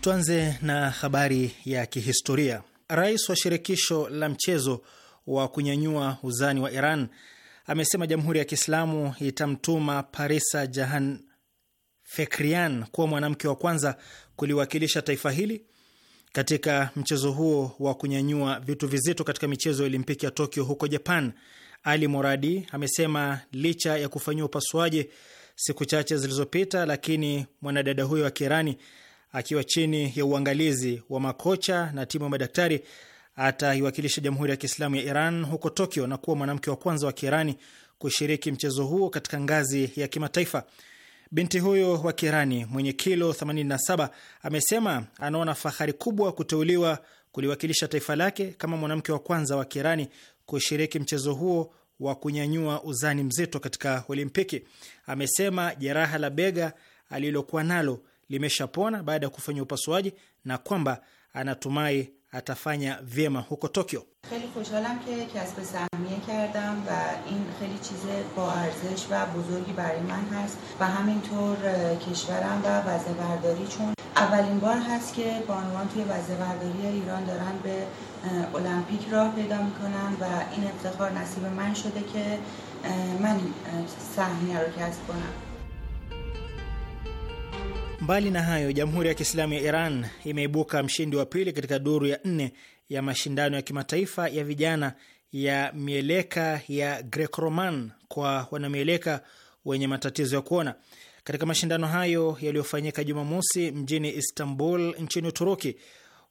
Tuanze na habari ya kihistoria. Rais wa shirikisho la mchezo wa kunyanyua uzani wa Iran amesema Jamhuri ya Kiislamu itamtuma Parisa Jahan Fekrian kuwa mwanamke wa kwanza kuliwakilisha taifa hili katika mchezo huo wa kunyanyua vitu vizito katika michezo ya Olimpiki ya Tokyo huko Japan. Ali Moradi amesema licha ya kufanyiwa upasuaji siku chache zilizopita, lakini mwanadada huyo wa Kiirani akiwa chini ya uangalizi wa makocha na timu ya madaktari ataiwakilisha Jamhuri ya Kiislamu ya Iran huko Tokyo na kuwa mwanamke wa kwanza wa Kiirani kushiriki mchezo huo katika ngazi ya kimataifa. Binti huyo wa Kiirani mwenye kilo 87 amesema anaona fahari kubwa kuteuliwa kuliwakilisha taifa lake kama mwanamke wa kwanza wa Kiirani kushiriki mchezo huo wa kunyanyua uzani mzito katika Olimpiki. Amesema jeraha la bega alilokuwa nalo لیمه بعد باید کفنی نکن با انتومای اتفاینی ویمه توکیو خیلی خوشحالم که کسب سهمیه کردم و این خیلی چیز با ارزش و بزرگی برای من هست و همینطور کشورم و وزده برداری چون اولین بار هست که بانوان توی وزده برداری ایران دارن به المپیک راه پیدا میکنن و این افتخار نصیب من شده که من سهمیه را کسب کنم Mbali na hayo, Jamhuri ya Kiislamu ya Iran imeibuka mshindi wa pili katika duru ya nne ya mashindano ya kimataifa ya vijana ya mieleka ya Greco-Roman kwa wanamieleka wenye matatizo ya kuona. Katika mashindano hayo yaliyofanyika Jumamosi mjini Istanbul nchini Uturuki,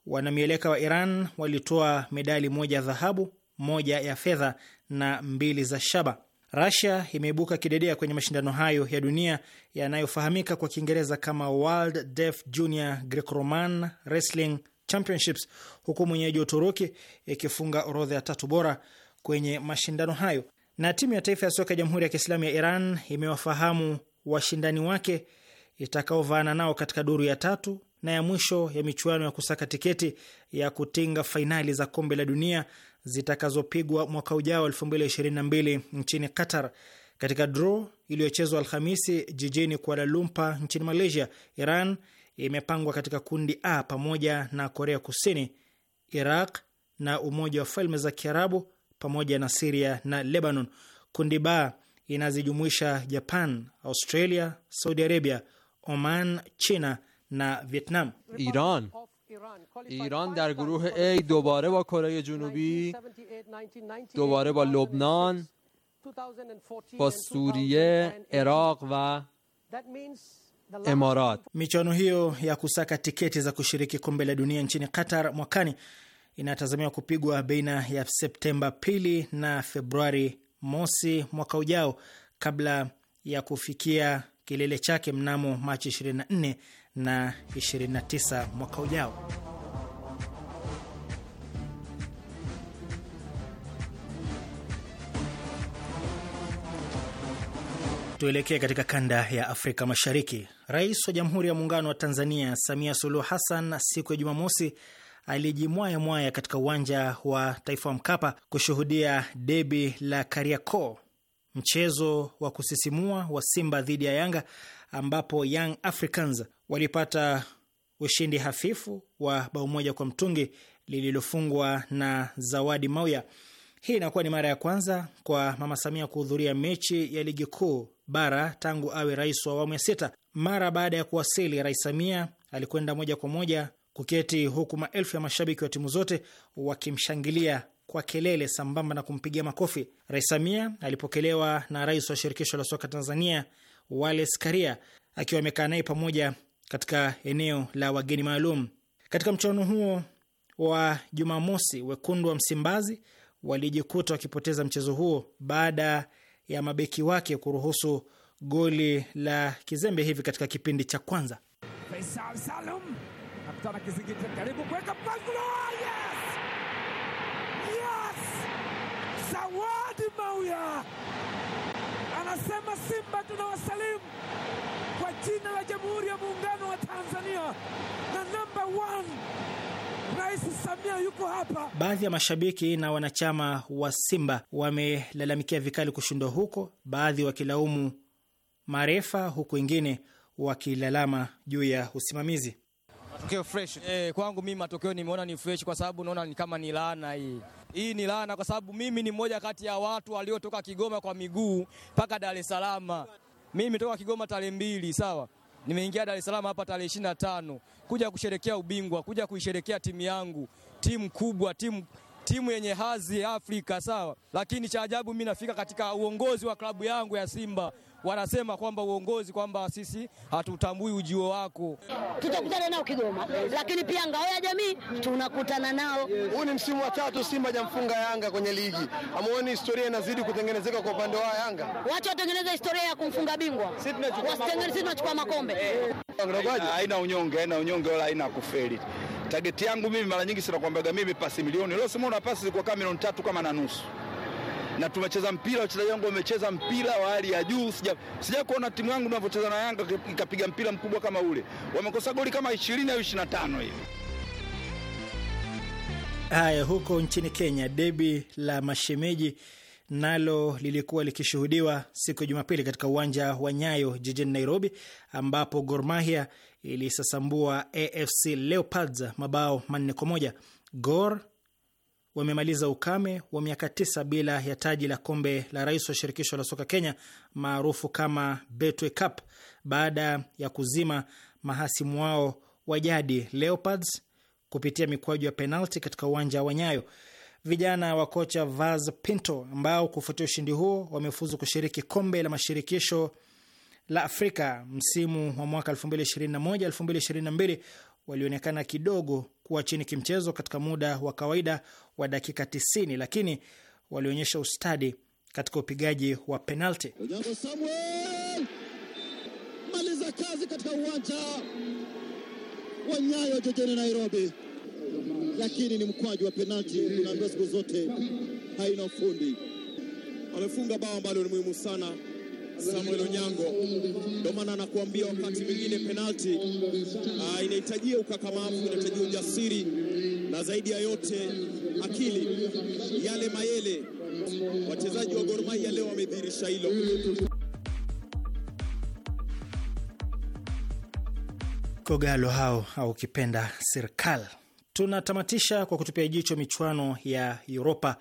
wanamieleka wa Iran walitoa medali moja ya dhahabu, moja ya fedha na mbili za shaba. Rasia imeibuka kidedea kwenye mashindano hayo ya dunia yanayofahamika kwa Kiingereza kama World Deaf Junior Greco-Roman Wrestling Championships, huku mwenyeji wa Uturuki ikifunga orodha ya tatu bora kwenye mashindano hayo. Na timu ya taifa ya soka ya Jamhuri ya Kiislamu ya Iran imewafahamu washindani wake itakaovaana nao katika duru ya tatu na ya mwisho ya michuano ya kusaka tiketi ya kutinga fainali za kombe la dunia zitakazopigwa mwaka ujao 2022 nchini Qatar. Katika draw iliyochezwa Alhamisi jijini Kuala Lumpur nchini Malaysia, Iran imepangwa katika kundi A pamoja na Korea Kusini, Iraq na Umoja wa Falme za Kiarabu pamoja na Siria na Lebanon. Kundi B inazijumuisha Japan, Australia, Saudi Arabia, Oman, China na Vietnam. Iran ایران در گروه A دوباره با کره جنوبی دوباره با لبنان با سوریه عراق و امارات michuano hiyo ya kusaka tiketi za kushiriki kombe la dunia nchini qatar mwakani inatazamiwa kupigwa baina ya septemba pili na februari mosi mwaka ujao kabla ya kufikia kilele chake mnamo machi 24 na 29 mwaka ujao. Tuelekee katika kanda ya Afrika Mashariki. Rais wa Jamhuri ya Muungano wa Tanzania Samia Suluhu Hassan siku ya Jumamosi alijimwaya mwaya katika uwanja wa Taifa wa Mkapa kushuhudia debi la Kariakoo, mchezo wa kusisimua wa Simba dhidi ya Yanga ambapo Young Africans walipata ushindi hafifu wa bao moja kwa mtungi lililofungwa na Zawadi Mauya. Hii inakuwa ni mara ya kwanza kwa Mama Samia kuhudhuria mechi ya ligi kuu bara tangu awe rais wa awamu ya sita. Mara baada ya kuwasili, Rais Samia alikwenda moja kwa moja kuketi, huku maelfu ya mashabiki wa timu zote wakimshangilia kwa kelele sambamba na kumpigia makofi. Rais Samia alipokelewa na rais wa shirikisho la soka Tanzania Wallace Karia akiwa amekaa naye pamoja katika eneo la wageni maalum. Katika mchuano huo wa Jumamosi, wekundu wa Msimbazi walijikuta wakipoteza mchezo huo baada ya mabeki wake kuruhusu goli la kizembe hivi katika kipindi cha kwanza. Faisal Salum akutana karibu kuweka Yes! Yes! Zawadi Mauya anasema Simba tunawasalimu jina la Jamhuri ya Muungano wa Tanzania na namba one Rais Samia yuko hapa. Baadhi ya mashabiki na wanachama wa Simba wamelalamikia vikali kushindwa huko, baadhi wakilaumu marefa, huku wengine wakilalama juu ya usimamizi. Matokeo fresh. Eh, kwangu mimi matokeo nimeona ni fresh kwa sababu naona ni kama ni laana hii. Hii ni laana kwa sababu mimi ni mmoja kati ya watu waliotoka Kigoma kwa miguu mpaka Dar es Salaam mimi nimetoka Kigoma tarehe mbili, sawa nimeingia Dar es Salaam hapa tarehe ishirini na tano kuja kusherekea ubingwa, kuja kuisherekea timu yangu, timu kubwa, timu, timu yenye hadhi ya Afrika sawa. Lakini cha ajabu mimi nafika katika uongozi wa klabu yangu ya Simba wanasema kwamba uongozi kwamba sisi hatutambui ujio wako. Tutakutana nao Kigoma, lakini pia ngao ya jamii tunakutana nao. Huu ni msimu wa tatu Simba jamfunga Yanga kwenye ligi, amuoni historia inazidi kutengenezeka kwa upande wa Yanga. Wacha watengeneza historia ya kumfunga bingwa, sisi tunachukua makombe. Haina unyonge, haina unyonge wala haina kufeli. Tageti yangu mimi mara nyingi sinakwambaga mimi pasi milioni leo, simuona pasi zilikuwa kama milioni tatu kama na nusu na tumecheza mpira, wachezaji wangu wamecheza mpira wa hali ya juu. Sija sija kuona timu yangu inavyocheza na Yanga ikapiga mpira mkubwa kama ule. Wamekosa goli kama 20 au 25 hivi. Haya, huko nchini Kenya, debi la mashemeji nalo lilikuwa likishuhudiwa siku ya Jumapili katika uwanja wa Nyayo jijini Nairobi, ambapo Gor Mahia ilisasambua AFC Leopards mabao manne kwa moja. Gor wamemaliza ukame wa miaka tisa bila ya taji la kombe la rais wa shirikisho la soka Kenya maarufu kama Betway Cup baada ya kuzima mahasimu wao wa jadi Leopards kupitia mikwaju ya penalti katika uwanja wa Nyayo. Vijana wa kocha Vaz Pinto ambao kufuatia ushindi huo wamefuzu kushiriki kombe la mashirikisho la Afrika msimu wa mwaka 2021 2022 walionekana kidogo kuwa chini kimchezo katika muda wa kawaida wa dakika 90, lakini walionyesha ustadi katika upigaji wa penalti. Maliza kazi katika uwanja wa Nyayo jijini Nairobi, lakini ni mkwaji wa penalti. Unaambiwa siku zote haina fundi Wamefunga bao ambalo ni muhimu sana Samuel Onyango. Ndio maana anakuambia wakati mwingine penalti uh, ah, inahitajia ukakamavu, inahitajia ujasiri na zaidi ya yote akili. Yale mayele wachezaji wa Gor Mahia leo wamedhihirisha hilo. Kogalo hao au kipenda serikali. Tunatamatisha kwa kutupia jicho michuano ya Europa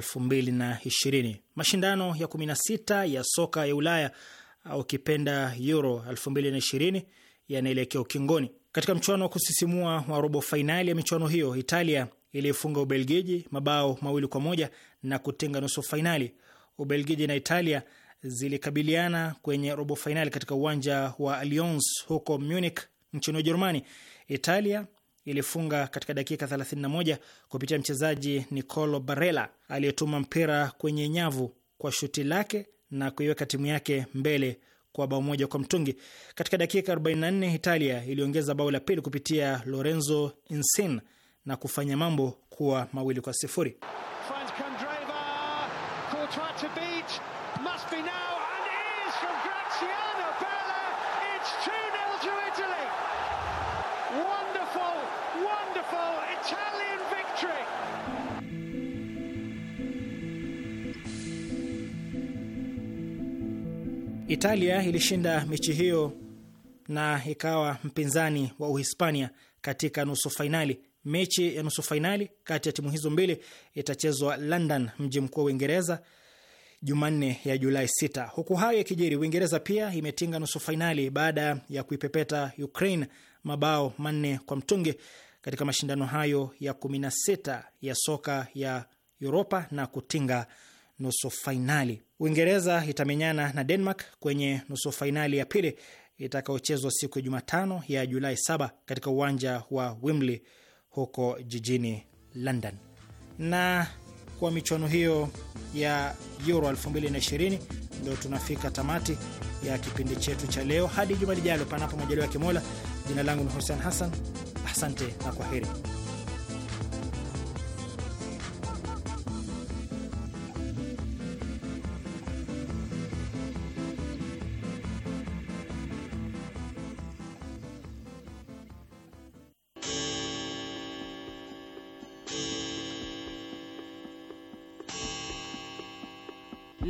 2020. Mashindano ya 16 ya soka ya Ulaya au kipenda Euro 2020 yanaelekea ukingoni. Katika mchuano wa kusisimua wa robo fainali ya michuano hiyo, Italia iliyofunga Ubelgiji mabao mawili kwa moja na kutinga nusu fainali. Ubelgiji na Italia zilikabiliana kwenye robo fainali katika uwanja wa Allianz huko Munich nchini Ujerumani. Italia ilifunga katika dakika 31 kupitia mchezaji Nicolo Barella aliyetuma mpira kwenye nyavu kwa shuti lake na kuiweka timu yake mbele kwa bao moja kwa mtungi. Katika dakika 44 Italia iliongeza bao la pili kupitia Lorenzo Insigne na kufanya mambo kuwa mawili kwa sifuri. Italia ilishinda mechi hiyo na ikawa mpinzani wa Uhispania katika nusu fainali. Mechi ya nusu fainali kati ya timu hizo mbili itachezwa London, mji mkuu wa Uingereza, Jumanne ya Julai 6. Huku hayo yakijiri, Uingereza pia imetinga nusu fainali baada ya kuipepeta Ukraine mabao manne kwa mtungi katika mashindano hayo ya 16 ya soka ya Uropa na kutinga nusu fainali. Uingereza itamenyana na Denmark kwenye nusu fainali ya pili itakayochezwa siku ya Jumatano ya Julai 7 katika uwanja wa Wembley huko jijini London. Na kwa michuano hiyo ya Euro 2020 ndio tunafika tamati ya kipindi chetu cha leo. Hadi juma lijalo, panapo majaliwa ya Kimola. Jina langu ni Hussein Hassan, asante na kwa heri.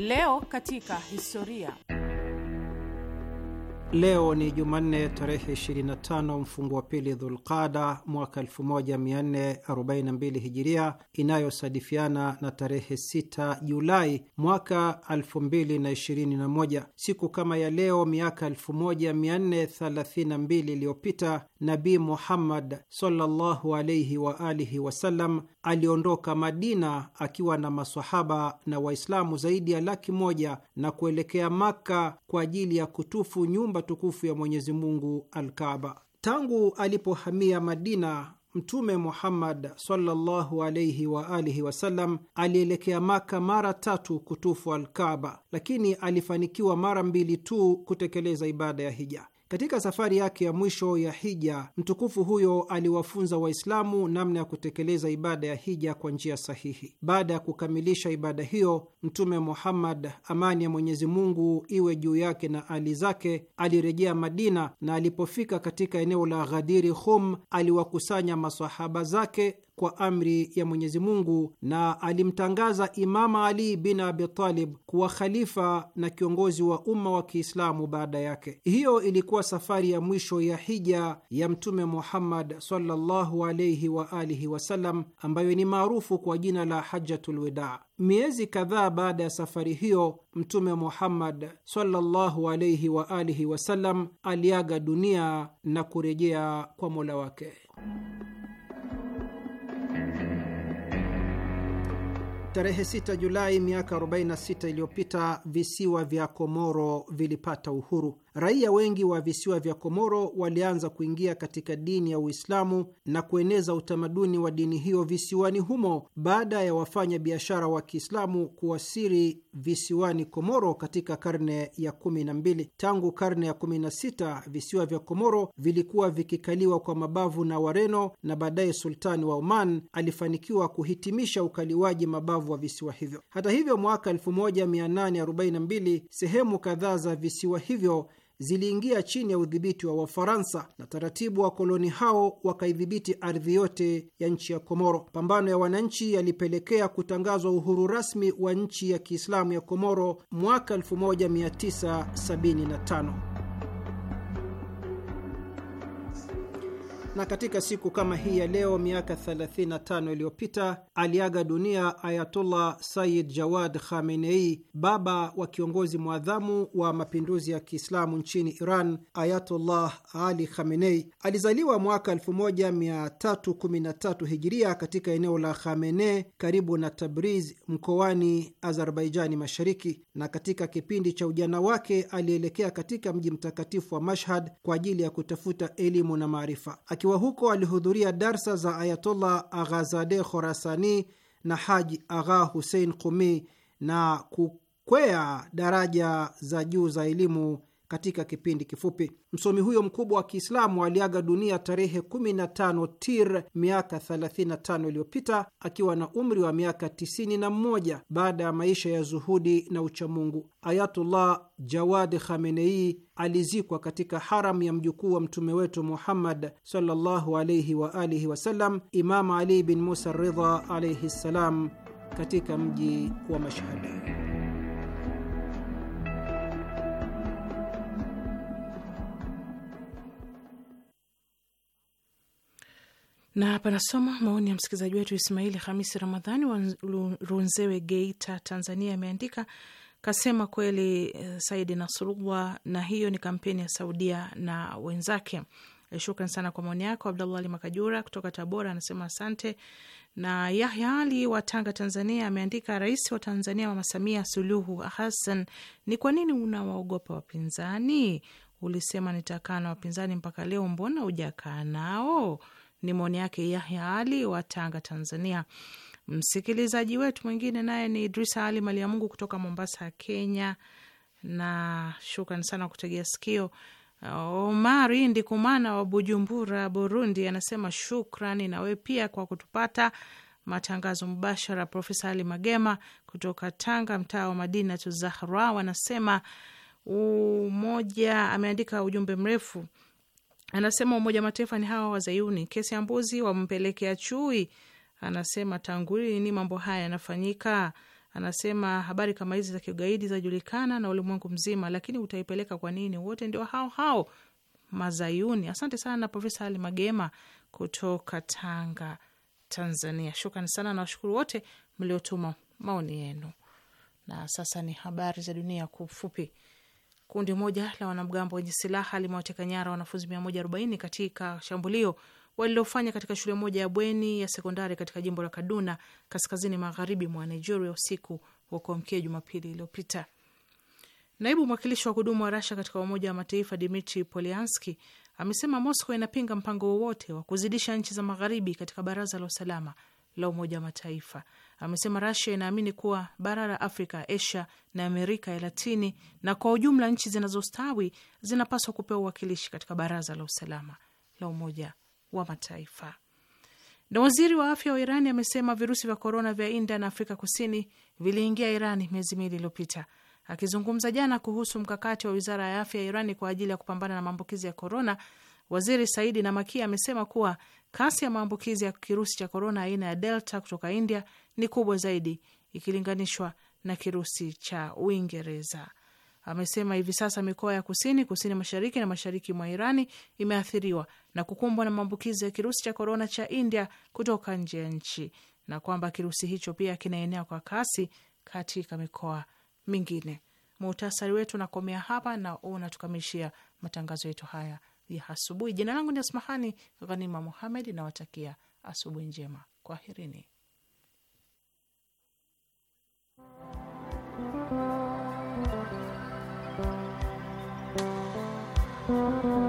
Leo katika historia. Leo ni Jumanne tarehe 25 mfungu wa pili Dhulqada mwaka 1442 Hijiria, inayosadifiana na tarehe 6 Julai mwaka 2021. Siku kama ya leo miaka 1432 iliyopita Nabi Muhammad sallallahu wa alihi wasallam aliondoka Madina akiwa na masahaba na Waislamu zaidi ya laki moja na kuelekea Makka kwa ajili ya kutufu nyumba tukufu ya Mwenyezi Mungu, Alkaba. Tangu alipohamia Madina, Mtume Muhammad sallallahu wa alihi wasallam alielekea Maka mara tatu kutufu Alkaba, lakini alifanikiwa mara mbili tu kutekeleza ibada ya hija. Katika safari yake ya mwisho ya hija, mtukufu huyo aliwafunza Waislamu namna ya kutekeleza ibada ya hija kwa njia sahihi. Baada ya kukamilisha ibada hiyo, Mtume Muhammad, amani ya Mwenyezi Mungu iwe juu yake na ali zake, alirejea Madina na alipofika katika eneo la Ghadiri Khum, aliwakusanya masahaba zake kwa amri ya Mwenyezi Mungu na alimtangaza Imama Ali bin Abi Talib kuwa khalifa na kiongozi wa umma wa Kiislamu baada yake. Hiyo ilikuwa safari ya mwisho ya hija ya Mtume Muhammad sallallahu alayhi wa alihi wasallam, ambayo ni maarufu kwa jina la Hajjatul Miezi kadhaa baada ya safari hiyo, Mtume Muhammad sallallahu alayhi wa alihi wasallam aliaga dunia na kurejea kwa Mola wake. Tarehe 6 Julai miaka 46 iliyopita, visiwa vya Komoro vilipata uhuru. Raia wengi wa visiwa vya Komoro walianza kuingia katika dini ya Uislamu na kueneza utamaduni wa dini hiyo visiwani humo baada ya wafanya biashara wa Kiislamu kuwasiri visiwani Komoro katika karne ya kumi na mbili. Tangu karne ya kumi na sita visiwa vya Komoro vilikuwa vikikaliwa kwa mabavu na Wareno na baadaye sultani wa Oman alifanikiwa kuhitimisha ukaliwaji mabavu wa visiwa hivyo. Hata hivyo, mwaka 1842 sehemu kadhaa za visiwa hivyo ziliingia chini ya udhibiti wa Wafaransa na taratibu wa koloni hao wakaidhibiti ardhi yote ya nchi ya Komoro. pambano ya wananchi yalipelekea kutangazwa uhuru rasmi wa nchi ya Kiislamu ya Komoro mwaka 1975. na katika siku kama hii ya leo miaka 35 iliyopita aliaga dunia Ayatullah sayid Jawad Khamenei, baba wa kiongozi mwadhamu wa mapinduzi ya Kiislamu nchini Iran, Ayatullah Ali Khamenei. Alizaliwa mwaka 1313 Hijiria katika eneo la khamene karibu na Tabriz mkoani Azerbaijani Mashariki, na katika kipindi cha ujana wake alielekea katika mji mtakatifu wa Mashhad kwa ajili ya kutafuta elimu na maarifa. Akiwa huko alihudhuria darsa za Ayatollah Aghazade Khorasani na Haji Agha Hussein Qumi na kukwea daraja za juu za elimu katika kipindi kifupi. Msomi huyo mkubwa wa Kiislamu aliaga dunia tarehe 15 Tir miaka 35 iliyopita akiwa na umri wa miaka 91 baada ya maisha ya zuhudi na uchamungu. Ayatullah Jawad Khamenei alizikwa katika haram ya mjukuu wa mtume wetu Muhammad sallallahu wa alihi wasallam, Imam Ali bin Musa Ridha alaihi ssalam, katika mji wa Mashhad. Na hapa nasoma maoni ya msikilizaji wetu Ismaili Hamisi Ramadhani wa Runzewe, Geita, Tanzania. Ameandika kasema, kweli eh, Saidi Nasurullah, na hiyo ni kampeni ya Saudia na wenzake. Eh, shukran sana kwa maoni yako. Abdallah Ali Makajura kutoka Tabora anasema asante. Na Yahya Ali wa Tanga, Tanzania ameandika, Rais wa Tanzania Mama Samia Suluhu Hassan, ni kwa nini unawaogopa wapinzani? Ulisema nitakaa na wapinzani mpaka leo, mbona ujakaa nao? Ni maoni yake Yahya Ali wa Tanga, Tanzania. Msikilizaji wetu mwingine naye ni Idrisa Ali mali ya Mungu kutoka Mombasa, Kenya, na shukrani sana kutegea sikio. Omari Ndikumana wa Bujumbura, Burundi, anasema shukrani wewe pia kwa kutupata matangazo mbashara Profesa Ali Magema kutoka Tanga, mtaa wa Madina tu Zahra, wanasema umoja, ameandika ujumbe mrefu Anasema Umoja wa Mataifa ni hawa Wazayuni. Kesi ya mbuzi wampelekea chui. Anasema tangu lini mambo haya yanafanyika? Anasema habari kama hizi za kiugaidi zajulikana na ulimwengu mzima, lakini utaipeleka kwa nini? Wote ndio hao hao Mazayuni. Asante sana Profesa Ali Magema kutoka Tanga, Tanzania. Shukrani sana na washukuru wote mliotuma maoni yenu. Na sasa ni habari za dunia kwa ufupi. Kundi moja la wanamgambo wenye silaha limewateka nyara wanafunzi 140 katika shambulio walilofanya katika shule moja ya bweni ya sekondari katika jimbo la Kaduna, kaskazini magharibi mwa Nigeria, usiku wa kuamkia Jumapili iliyopita. Naibu mwakilishi wa kudumu wa Rasha katika Umoja wa Mataifa Dmitri Polianski amesema Moscow inapinga mpango wowote wa kuzidisha nchi za magharibi katika Baraza la Usalama la Umoja wa Mataifa amesema Rasia inaamini kuwa bara la Afrika, Asia na Amerika ya Latini na kwa ujumla nchi zinazostawi zinapaswa kupewa uwakilishi katika Baraza la Usalama la Umoja wa Mataifa. Na waziri wa afya wa Irani amesema virusi vya korona vya India na Afrika Kusini viliingia Irani miezi miwili iliyopita. Akizungumza jana kuhusu mkakati wa wizara ya afya ya Irani kwa ajili ya kupambana na maambukizi ya korona, waziri Saidi Namaki amesema kuwa kasi ya maambukizi ya kirusi cha korona aina ya Delta kutoka India ni kubwa zaidi ikilinganishwa na kirusi cha Uingereza. Amesema hivi sasa mikoa ya kusini, kusini mashariki na mashariki mwa Irani imeathiriwa na kukumbwa na maambukizi ya kirusi cha korona cha India kutoka nje ya nchi na kwamba kirusi hicho pia kinaenea kwa kasi katika mikoa mingine. Muhtasari wetu unakomea hapa na unatukamilishia matangazo yetu haya ya asubuhi. Jina langu ni Asmahani Ghanima Muhamed, nawatakia asubuhi njema. Kwaherini. Thank you.